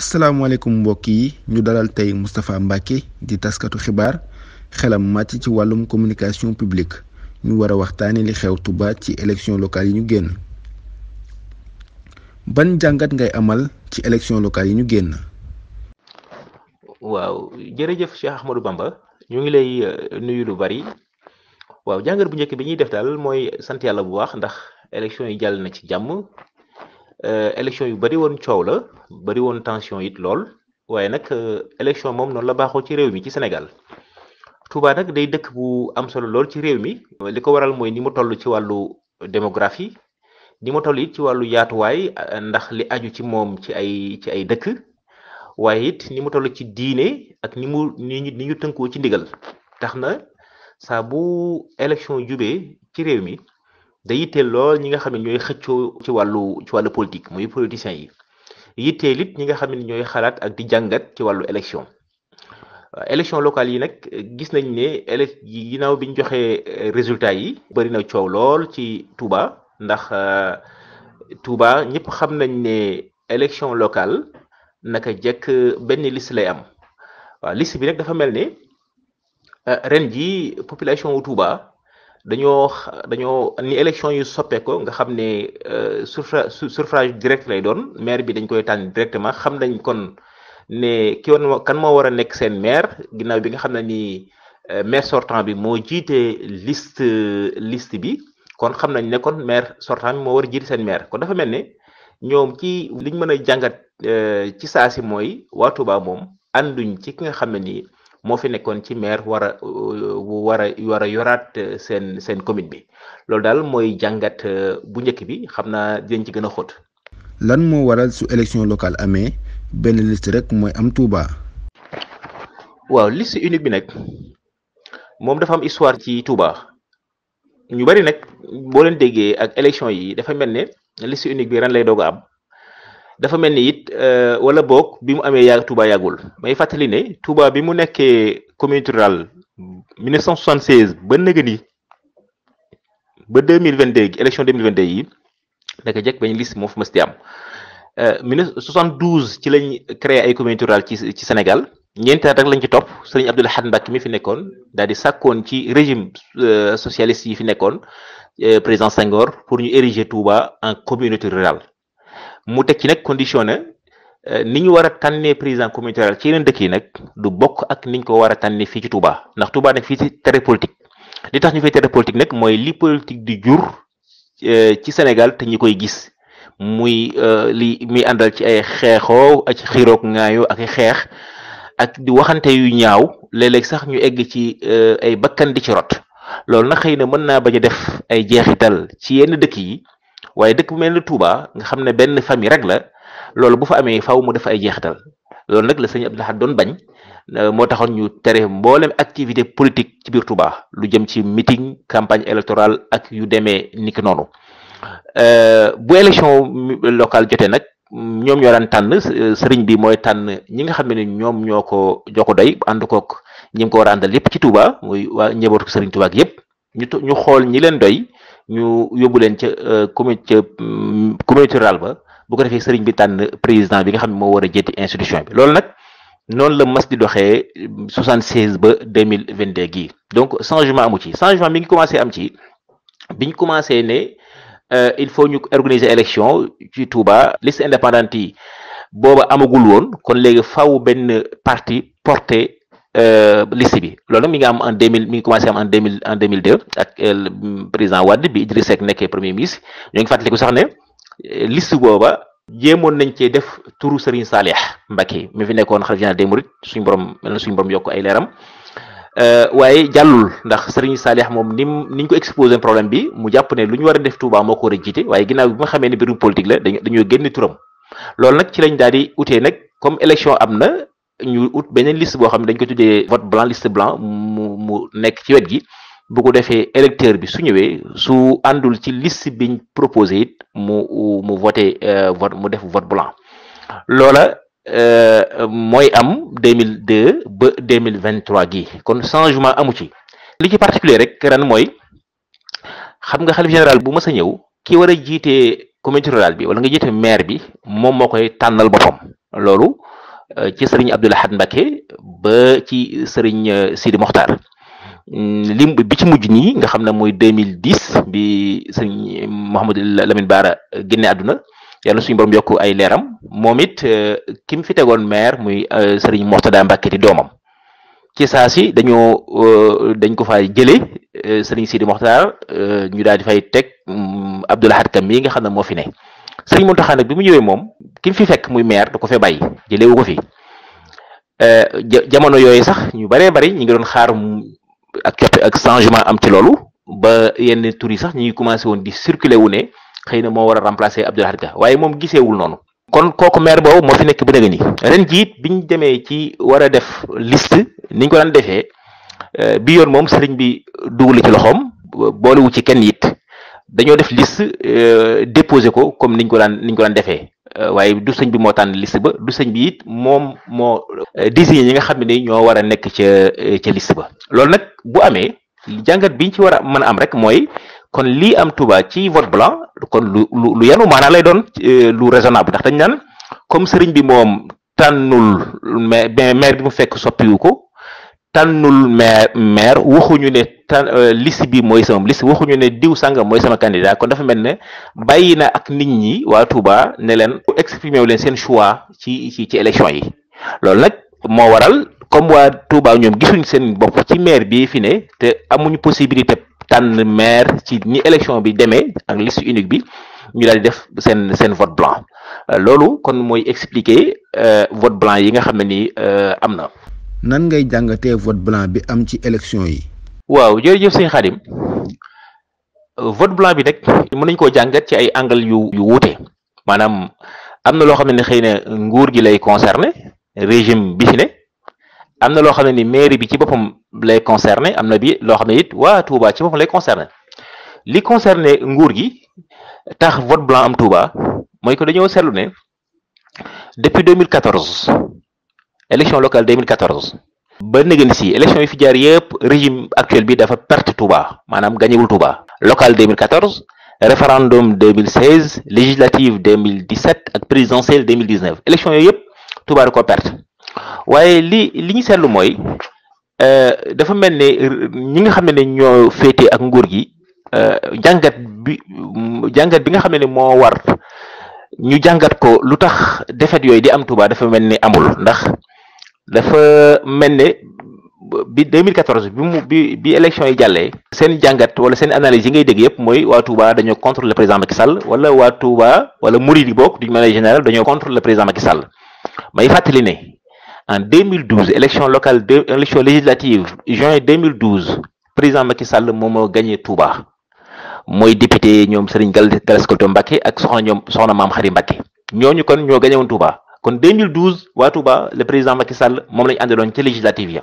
asalaamaaleykum mbokk yi ñu dalal tey Moustapha Mbacke di taskatu xibaar xelam màcc ci wàllum communication publique ñu war a waxtaane li xew Touba ci élection locale yi ñu génn ban jàngat ngay amal ci élection locale yi ñu génn. waaw jërëjëf Cheikh Ahmadou Bamba ñu ngi lay euh, nuyu lu bari waaw jàngat bu njëkk bi ñuy def daal mooy sant yàlla bu baax ndax élection yi jàll na ci jàmm. Euh, élection yu bari woon coow la bari woon tension it lool waaye nag euh, élection moom noonu la baaxoo ci réew mi ci Sénégal Touba nag day dëkk bu am solo lool ci réew mi li ko waral mooy ni mu toll ci wàllu démographie ni mu toll it ci wàllu yaatuwaay ndax li aju ci moom ci ay ci ay dëkk waaye it ni mu toll ci diine ak ni mu ni ni ñu tënkoo ci ndigal tax na saa bu élection jubee ci réew mi da yitteel lool ñi nga xam ne ñooy xëccoo ci wàllu ci wàllu politique muy politiciens yi yitteel it ñi nga xam ne ñooy xalaat ak di jàngat ci wàllu élection euh, élection locale yi nag gis nañ ne élec ginnaaw bi ñu joxe euh, résultats yi bëri na coow lool ci Touba ndax euh, Touba ñëpp xam nañ ne élection locale naka jekk benn liste lay am waaw liste bi nag dafa mel ne ren ji population wu Touba dañoo dañoo ni élection yu soppeeko nga xam ne euh, suffrage suffrage direct lay doon maire bi dañ koy tànn directement xam nañ kon ne ki kan moo war a nekk seen maire ginnaaw bi nga xam ne ni euh, maire sortant bi moo jiite liste liste bi kon xam nañ ne kon maire sortant bi moo war a jiite seen maire kon dafa mel ne ñoom ci liñ mën a jàngat euh, ci saa si mooy waa Touba moom ànduñ ci ki nga xam ne nii moo fi nekkoon ci maire war euh, a war a war a yoraat euh, seen seen commune bi loolu daal mooy jàngat euh, bu njëkk bi xam naa dañ ci gën a xóot. lan moo waral su élection locale amee benn list rek mooy am Touba. waaw list unique bi nag moom dafa am histoire ci Touba ñu bari nag boo leen déggee ak élection yi dafa mel ne liste unique bi ren lay doog a am. dafa mel ni it euh, wala boog bi mu amee yàgg Touba yàggul may fàttali ne Touba bi mu nekkee communauté rurale 1976 ba nëgë ni ba 2022 élection 2022 yi naka jekk benn liste moo fi mës di am 1972 euh, ci lañ créé ay communauté rurale ci ci Sénégal ñeenti at rek lañ ci topp sëriñ Abdoul Ahad Mbacké mi fi nekkoon daal di sàkkoon ci régime euh, socialiste yi fi nekkoon président Senghor pour ñu ériger Touba en communauté rural mu teg ci nag condition ne euh, ni ñu war a tànnee président communautaire ci yeneen dëkk yi nag du bokk ak niñ ko war a tànnee fii ci tubaa ndax Touba nag fii ci tere politique li tax ñu fay tere nag mooy li politique di jur euh, ci Sénégal te ñi koy gis muy euh, li muy àndal ci ay xeexoo ci xiroog ŋaayoo ak xeex ak di waxante yu ñaaw léeg sax ñu egg ci ay bakkan di ci rot loolu nag xëy na mën naa bañ a def ay jeexital ci yenn dëkk yi waaye dëkk bu mel ni Touba nga xam ne benn famille rek la loolu bu fa amee faw mu def ay jeexital loolu nag la sëñ Abdou doon bañ euh, moo taxoon ñu tere mboolem activité politique ci biir Touba lu jëm ci meeting campagne électorale ak yu demee niki noonu euh, bu élection locale jotee nag ñoom ñoo daan euh, bi mooy tànn ñi nga xam ne ñoom ñoo ko joo ko doy ànd kook ñi ko war a àndal yépp ci Touba muy waa njabootu sëriñ Touba ak yépp ñu ñu xool ñi leen doy. ñu yóbbu leen ca euh, commune ca mm, ba bu ko defee sëriñ bi tànn président bi nga xam ne moo war a jëti institution bi loolu nag noonu la mas di doxee mm, soixante seize ba deux mille vingt deux gii donc changement amu ci changement mi ngi commencé am ci biñ commencé ne euh, il faut ñu organiser élection ci Touba liste indépendante yi booba amagul woon kon léegi faw benn parti porté Euh, liste bi loolu nag mi ngi am en deux mille mi ngi commencé am en deux mille en deux mille deux ak euh, président premier ministre ñoo ngi fàttaliku sax ne euh, liste booba jéemoon nañ cee def turu Serigne Saleh Mbacké mu fi nekkoon xalifa général des suñ borom mel na suñu borom yokk ay leeram waaye jàllul ndax sariñ Saleh moom ni ni ñu ko exposé problème bi mu jàpp ne lu ñu war def Touba moo ko war waaye ginnaaw bi nga xamee ne biirum politique la dañoo génn turam lool nag ci lañ daal di utee nag comme élection am na. ñu ut beneen liste boo xam ne dañ ko tuddee vote blanc liste blanc mu mu nekk ci wet gi bu ko defee électeur bi su ñëwee su àndul ci list biñ proposé it mu mu voté euh, vote mu def vote blanc loola euh, mooy am 2002 ba 2023 gi kon changement amu ci li ci particulier rek ren mooy xam nga xalif général bu mës a ñëw ki war a jiite communauté rurale bi wala nga jiite maire bi moom moo koy tànnal boppam loolu Euh, ci sëriñ Abdou Lahad Mbacké ba ci sëriñ euh, Sidi Mokhtar mm, lim bi ci mujj nii nga xam ne mooy mille bi sëriñ Mouhamadou Lamine Bara euh, génne àdduna yàlla suñu borom yokk ay leeram moom it ki mu fi tegoon maire muy sëriñ Mourtada Mbacké di doomam ci saa si dañoo dañ ko fay jëlee sëriñ Sidi Mokhtar ñu daal di fay teg mm, Abdou Lahad Kam mii nga xam ne moo fi ne. sëriñ Mountakha nag bi mu ñëwee moom ki fi fekk muy maire da ko fee bàyyi jëlewu ko fi euh, ja jamono yooyu sax ñu baree bari ñu ngi doon xaar ak coppe ak changement am ci loolu ba yenn tur sax ñu ngi commencé woon di circuler wu ne xëy na moo war a remplacer Abdou Lahad Ka waaye moom giseewul noonu. kon kooku maire boobu moo fi nekk ba nga ni ren jii it biñ demee ci war a def list niñ ko daan defee euh, bi yoon moom sëriñ bi dugal ci loxoom boolewu ci kenn it dañoo def liste euh, déposé ko comme niñ ko daan niñ ko daan defee euh, waaye du sëñ bi moo tànn liste ba du sëñ bi it moom moo euh, désigné ñi nga xam ne ni ñoo war a nekk ca ca liste ba loolu nag bu amee jàngat biñ ci war a mën a am rek mooy kon lii am tubaa ci vote blanc kon lu lu lu yenu maanaa lay doon lu raisonnable ndax dañ naan comme sëriñ bi moom tànnul mais maire bi mu fekk soppiwu ko tànnul maire maire waxuñu ne tan euh, liste bi mooy sama liste waxuñu ne diw sàngam mooy sama candidat kon dafa mel ne bàyyi na ak nit ñi waa Touba ne leen exprimer wu leen seen choix ci ci ci élection yi loolu nag moo waral comme waa Touba ñoom gisuñ seen bopp ci maire bi fi ne te amuñu possibilité tànn maire ci ni élection bi demee ak liste unique bi ñu daal di def seen seen vote blanc euh, loolu kon mooy expliquer euh, vote blanc yi nga xam ne ni am na. nan ngay jàngatee vote blanc bi am ci élection yi. waaw jërëjëf sëñ Xadim vote blanc bi nag mën nañ koo jàngat ci ay angle yu yu wuute maanaam am na loo xam ne xëy na nguur gi lay concerné régime bi ci ne am na loo xam ne ni mairie bi ci boppam lay concerné am na bi loo xam ne it waa Touba ci boppam lay concerné li concerné nguur gi tax vote blanc am Touba mooy ko dañoo seetlu ne depuis mille 2014. élection locale 2014 ba nëgën si élection yi fi jaar yëpp régime actuel bi dafa perte Touba maanaam gañewul Touba locale 2014 référendum 2016 législative 2017 ak présidentielle 2019 élection yooyu yëpp Touba da ko perte waaye li li ñu seetlu mooy euh, dafa mel ni ñi nga xam ne ñoo féete ak nguur gi euh, jàngat bi jàngat bi nga xam ne moo war ñu jàngat ko lu tax défaite yooyu di am Touba dafa mel ni amul ndax dafa mel ne bi 2014 bi mu bi bi élection yi jàllee seen jàngat wala seen analyse yi ngay dégg yëpp mooy waa Touba dañoo contre le président Macky Sall wala waa Touba wala Mouride bokk d'une manière générale dañoo contre le président Macky Sall may fàttali ne en 2012 élection locale de élection législative juin 2012 président Macky Sall moom moo gagné Touba mooy député ñoom Serigne Galas Kolto Mbacké ak soxna ñoom soxna Maam Xari Mbacké ñooñu kon ñoo gagné woon kon 2012 waa Touba le président Macky Sall moom la ñu àndaloon ca législative ya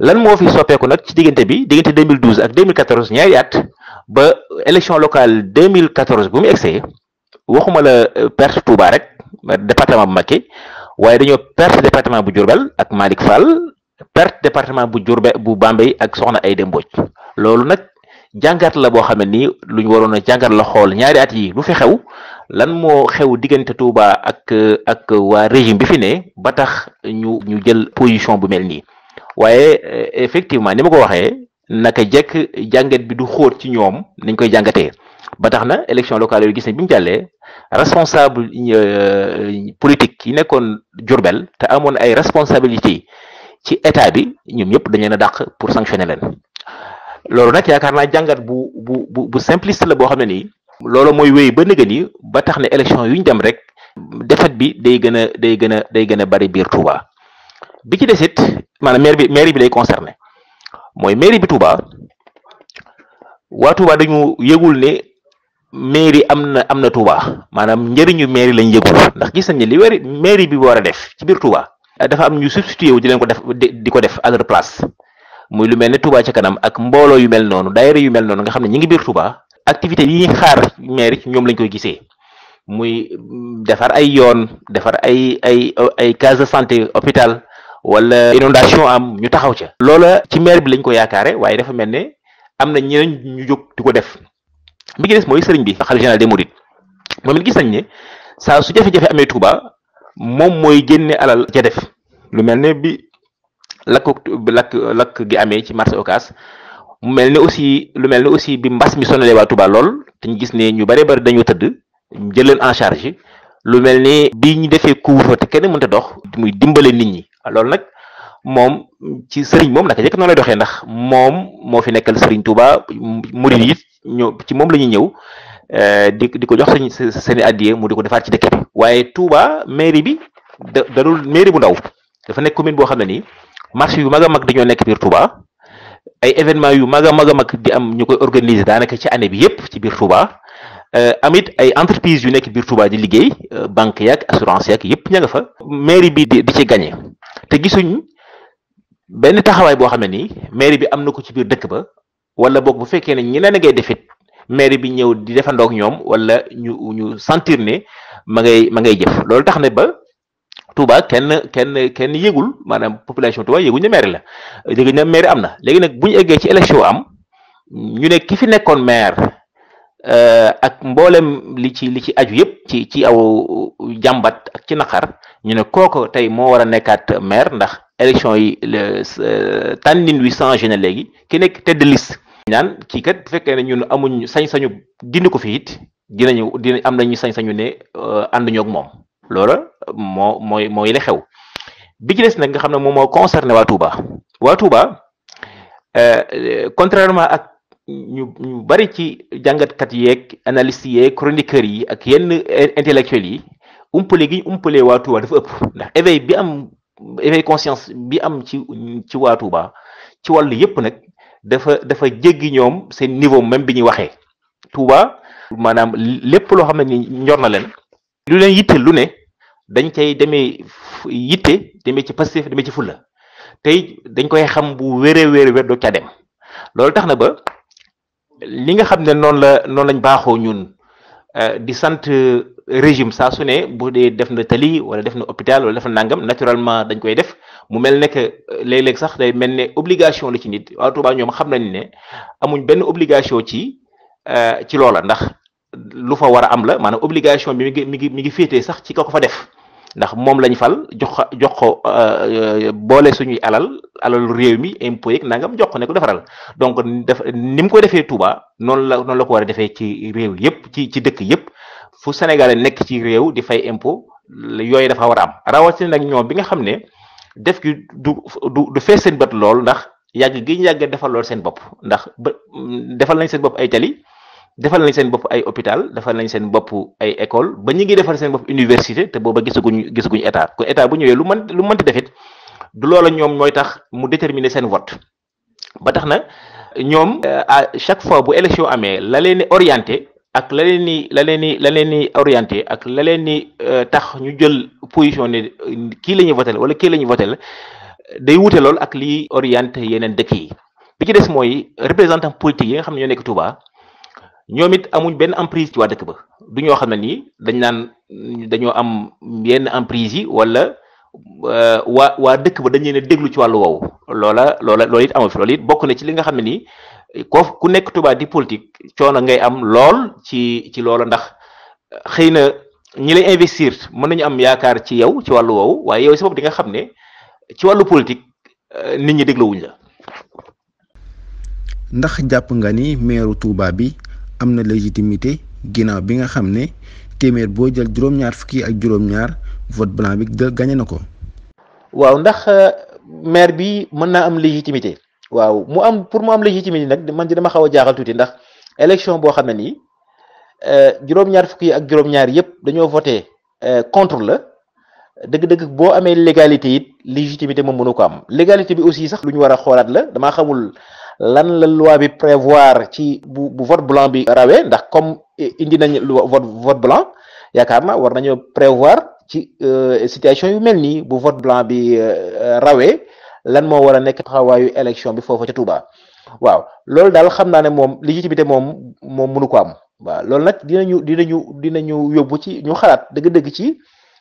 lan moo fi soppeeku nag ci diggante bi diggante 2012 ak 2014 ñaari at ba élection locale 2014 bu mu egsee waxuma la euh, perte Touba rek département bu Mbacké waaye dañoo perte département bu Diourbel ak Malick Fall perte département bu Diourbel bu Bambey ak Soxna Aïda Mbodj loolu nag jàngat la boo xam ne nii lu ñu waroon a jàngat la xool ñaari at yi lu fi xew lan moo xew diggante Touba ak ak waa régime bi fi ne ba tax ñu ñu jël position bu mel nii waaye eh, effectivement ni ma ko waxee naka jekk jàngat bi du xóot ci ñoom nañ koy jàngatee ba tax na élection locale yooyu gis ne bi mu jàllee responsable euh, politique yi nekkoon Jurbel te amoon ay responsabilité ci état bi ñoom ñëpp dañ leen a dàq pour sanctionner leen loolu nag yaakaar naa jàngat bu bu bu simpliste la boo xam ne nii loolo mooy wéy ba nëgën yi ba tax ne élection yu ñu dem rek defet bi day gën a day gën a day gën a bari biir Touba bi ci desit maanaam maire bi maire bi lay concerné mooy maire bi Touba waa Touba dañu yëgul ne mairie am na am na Touba maanaam njëriñu mairie lañ yëgul ndax gis nañ ne li wari mairie bi war a def ci biir Touba dafa am ñu substitué wu di leen ko def di ko def à leur place muy lu mel ne Touba ca kanam ak mbooloo yu mel noonu daayira yu mel noonu nga xam ne ñi ngi biir activité yi xaar maire ci ñoom lañ koy gisee muy defar ay yoon defar ay ay ay case de santé hôpital wala inondation am ñu taxaw ca loola ci maire bi lañ ko yaakaare waaye dafa mel ne am na ñeneen ñu jóg di ko def bi des mooy sëriñ bi xalifa général des mourides moom it gis nañ ne saa su jafe-jafe amee Touba moom mooy génne alal ca def lu mel ne bi lakk lakk lakk gi amee ci marché Ocass mu mel ni aussi lu mel ni aussi bi mbas mi sonalee waa Touba lool te gis ne ñu bare bari dañoo tëdd ñu jël leen en charge lu mel ni bi ñu defee couvre-feu te kenn mënta dox muy dimbale nit ñi ah, loolu nag moom ci sëriñ moom naka jëkk noonu lay doxee ndax moom moo fi nekkal sëriñ Touba murid yi ñëw ci moom la ñuy ñëw eh, di di ko jox seen seen i addiye mu di ko defaat ci dëkk bi waaye Touba mairie bi da dadul mairie bu ndaw dafa nekk commune boo xam ne nii marché yu mag mag dañoo nekk biir ay événement yu mag a mag a di am ñu koy organiser daanaka ci année bi yépp ci biir Touba euh, amit ay entreprise yu nekk biir Touba di liggéey euh, banque yaak assurance yaak yépp ña nga fa mairie bi di ci gagné te gisuñ benn taxawaay boo xam ne nii mairie bi am na ko ci biir dëkk ba wala boog bu fekkee ne ñeneen a ngay defit mairie bi ñëw di defandoog ñoom wala ñu ñu sentir ne ma ngay ma ngay jëf loolu tax ne ba Touba kenn kenn kenn yégul maanaam population Touba yëguñ ne maire la léegi ne mairi am na léegi nag bu ñu eggee ci élection am ñu ne ki fi nekkoon maire euh, ak mboolem li ci li ci aju yëpp ci ci aw jàmbat ak ci naqar ñu ne kooko tey moo war a nekkaat maire ndax élection yi euh, tànnin wi changé na léegi ki nekk tête de ñaan naan kii kat bu fekkee ne ñun amuñ sañ-sañu dindi ko fi it dinañu dina am nañu sañ-sañu ne euh, ànduñoo ak moom loola moo mooy mooy li xew bi ci des nag nga xam ne moom moo concerné waa Touba waa Touba euh, contrairement ak ñu ñu bari ci jàngatkat yeeg analystes yeeg chroniqueurs yi ak yenn intellectuels yi umpale gi umpale waa Touba dafa ëpp ndax éveil bi am éveil conscience bi am ci ci waa Touba ci wàll yëpp nag dafa dafa jéggi ñoom seen niveau même bi ñuy waxee Touba maanaam lépp loo xam ne ni ñor na leen. lu leen yitte lu ne dañ cay demee yitte demee ci Pastef demee ci fulla tey dañ koy xam bu wéree wéree wér doo ca dem loolu tax na ba li nga xam ne noonu la noonu lañ baaxoo ñun euh, di sant euh, régime saa su ne bu dee def na tali wala def na hôpital wala def na nangam naturellement dañ koy def mu mel ne que euh, léeg sax day mel ne obligation la ci nit waa Touba ñoom xam nañ ne amuñ benn obligation ci ci loola ndax lu fa war a am la maanaam obligation bi mi ngi mi ngi mi ngi féetee sax ci ka ko fa def ndax moom lañ fal jox ko jox ko euh, boole suñuy alal alalu réew mi impôt yeeg nangam jox ko ne ko defaral donc def ni mu koy defee Touba noonu la noonu la ko war a defee ci réew yëpp ci ci dëkk yëpp fu Sénégal nekk ci réew di fay impôt yooyu dafa war a am rawatina nag ñoom bi nga xam ne def gi du du du fees seen bët lool ndax yàgg gi ñu yàgg defal lool seen bopp ndax ba defal nañ seen bopp ay tali. defal nañ seen bopp ay hôpital defal nañ seen bopp ay école ba ñu ngi defal seen bopp université te booba gisaguñ gisaguñ état kon état bu ñëwee lu mën lu mënti defit du loola ñoom mooy tax mu déterminer seen vote ba tax na ñoom euh, à chaque fois bu élection amee la leen orienté ak la leen ni la leen la leen ni orienté ak la leen ni euh, tax ñu jël position ne euh, kii la ñuy voté wala kii la ñuy voté day wute lool ak liy orienté yeneen dëkk yi bi ci des mooy représentant politique yi nga xam ne ñoo nekk Touba. ñoom it amuñ benn emprise ci waa dëkk ba du ñoo xam ne nii dañ naan dañoo am yenn emprise yi wala euh, waa waa dëkk ba dañ ne déglu ci wàllu woowu loola loola loolu it amu fi bokk na ci li nga xam ne nii ko ku nekk Touba di politique coono ngay am lool ci ci loola ndax xëy na ñi lay investir mën nañu am yaakaar ci yow ci wàllu woowu waaye yow si bopp di nga xam ne ci wàllu politique euh, nit ñi dégluwuñ la. ndax jàpp nga ni meeru Touba bi am na légitimité ginnaaw bi nga xam ne téeméer boo jël juróom-ñaar fukki ak juróom-ñaar vote blanc bi de gagné na ko. waaw ndax euh, maire bi mën naa am légitimité waaw mu am pour mu am légitimité nag man di dama xaw a jaaxal tuuti ndax élection boo xam ne nii euh, juróom-ñaar fukki ak juróom-ñaar yépp dañoo voté euh, contre la dëgg-dëgg boo amee légalité it légitimité moom mënu ko am légalité bi aussi sax lu ñu war a xoolaat la dama xamul. lan la loi bi prévoir ci bu bu vote blanc bi rawee ndax comme eh, indi nañ vote vote blanc yaakaar na war nañoo prévoir ci euh, situation yu mel nii bu vote blanc bi euh, rawee lan moo war a nekk taxawaayu élection bi foofu ca Touba waaw lool daal xam naa ne moom légitimité moom moom mënu ko am waaw loolu nag ñu dinañu dina ñu yóbbu ci ñu xalaat dëgg-dëgg ci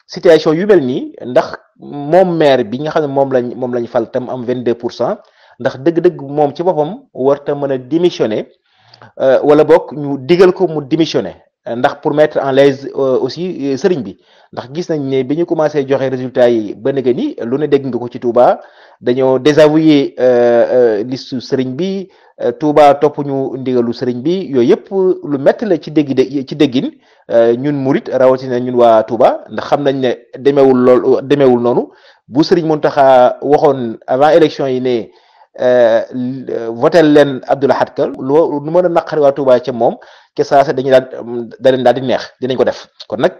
situation yu mel nii ndax moom maire bi nga xam ne moom lañ moom lañ fal tam am vingt 22 pour cent ndax dëgg-dëgg moom ci boppam warta mën a démissionner euh, wala bokk ñu digal ko mu démissionner ndax pour mettre en l'aise euh, aussi euh, sëriñ bi ndax gis nañ ne bi ñu commencé joxe résultat yi ba nga ni lu ne dégg nga ko ci Touba dañoo désavoué listu sëriñ bi Touba topp ñu ndigalu sëriñ bi yooyu yëpp lu metti la ci dégg ci déggin ñun murit rawatina ñun waa Touba ndax xam nañ ne demeewul lool demeewul noonu bu sëriñ Mountakha waxoon avant élection yi ne. Euh, votel leen Abdou Lahad Ka loo lu mën a naqari waa Touba ca moom ca saasa dañuy daal da leen daal di neex dinañ ko def kon nag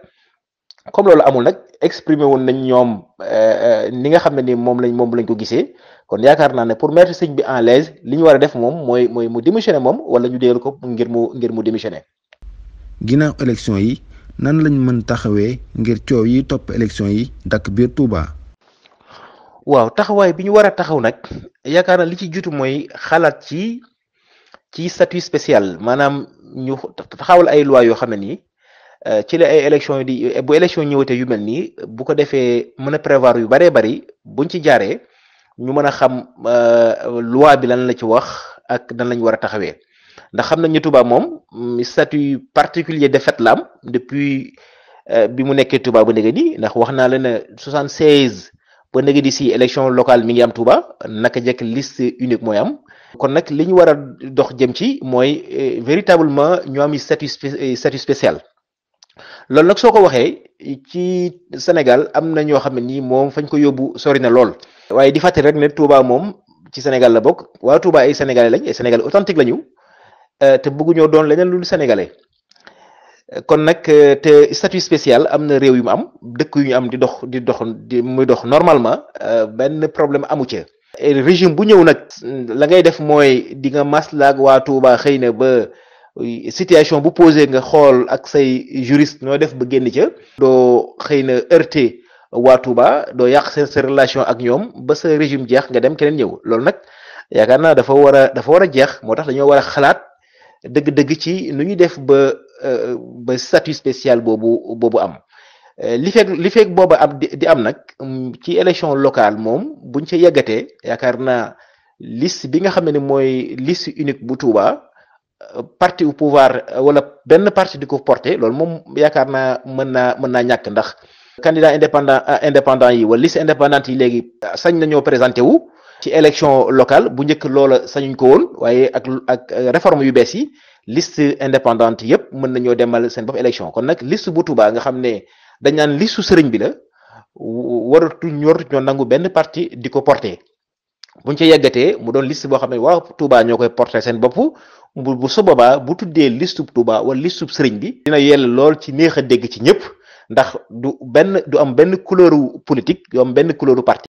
comme loolu amul nag exprimer woon nañ ñoom euh, ni nga xam ne ni moom lañ moom lañ ko gisee kon yaakaar naa ne pour mettre sëñ bi en l'aise li ñu war a def moom mooy mooy mu démissionné moom wala ñu déglu ko ngir mu ngir mu démissionné. ginnaaw élection yi nan lañ mën taxawee ngir coow yi topp élection yi dakk biir Touba. waaw taxawaay bi ñu war a taxaw nag yaakaar na li ci jiitu mooy xalaat ci ci statut spécial maanaam ñu taxawal ay loi yoo xam ne nii euh, ci la ay élection di bu élection ñëwatee yu mel nii bu ko defee mën a prévoir yu baree bari buñ ci jaaree ñu mën a xam euh, loi bi lan la ci wax ak nan lañ war a taxawee ndax xam nañ ñu tubaab moom mm, statut particulier de fait la depuis euh, bi mu nekkee tubaab bu léegi nii ndax wax naa la ne soixante seize ba nag di si élection locale mi ngi am Touba naka jekk liste unique mooy am kon nag li ñu war a dox jëm ci mooy euh, véritablement ñu am statut euh, statut spécial loolu nag soo ko waxee ci Sénégal am na ñoo xam ne nii moom fañ ko yóbbu sori na lool. waaye di fàttali rek ne Touba moom ci Sénégal la bokk waa Touba ay sénégalais lañ ay sénégalais authentique lañu euh, te bëgguñoo doon leneen lu sénégalais. kon nag euh, te statut spécial am na réew yu mu am dëkk yu ñu am di dox di dox di muy dox normalement euh, benn problème amu ci régime bu ñëw nag la ngay def mooy di nga maslaag waatu Touba xëy na ba euh, situation bu posé nga xool ak say juriste ñoo def ba génn ca doo xëy na heurté waa Touba doo yàq seen sa relation ak ñoom ba sa régime jeex nga dem keneen ñëw loolu nag yaakaar naa dafa war dafa war a jeex moo tax dañoo war a xalaat dëgg-dëgg ci nu ñuy def ba ba statut spécial boobu boobu am eh, li fekk li booba am di am nag mm, ci élection locale moom buñ ci yeggatee yaakaar na liste bi nga xam ne mooy liste unique bu Touba eh, parti au pouvoir eh, wala benn parti di ko porté loolu moom yaakaar na mën naa mën naa ñàkk ndax candidat indépendant indépendant yi wala liste indépendante yi léegi sañ nañoo présenté wu ci élection locale bu njëkk loola sañuñ ko waaye ak ak réforme yu bees yi list indépendante yëpp mën nañoo demal seen bopp élection kon nag liste bu Touba nga xam ne dañ naan listu sëriñ bi la waratu ñor ñoo nangu benn parti di ko porté buñ ca yeggatee mu doon liste boo xam ne waa Touba ñoo koy porté seen bopp bu bu su boobaa bu tuddee listu Touba wala listu sëriñ bi. dina yell lool ci neex a dégg ci ñëpp ndax du benn du am benn couleur politique du am benn couleur parti.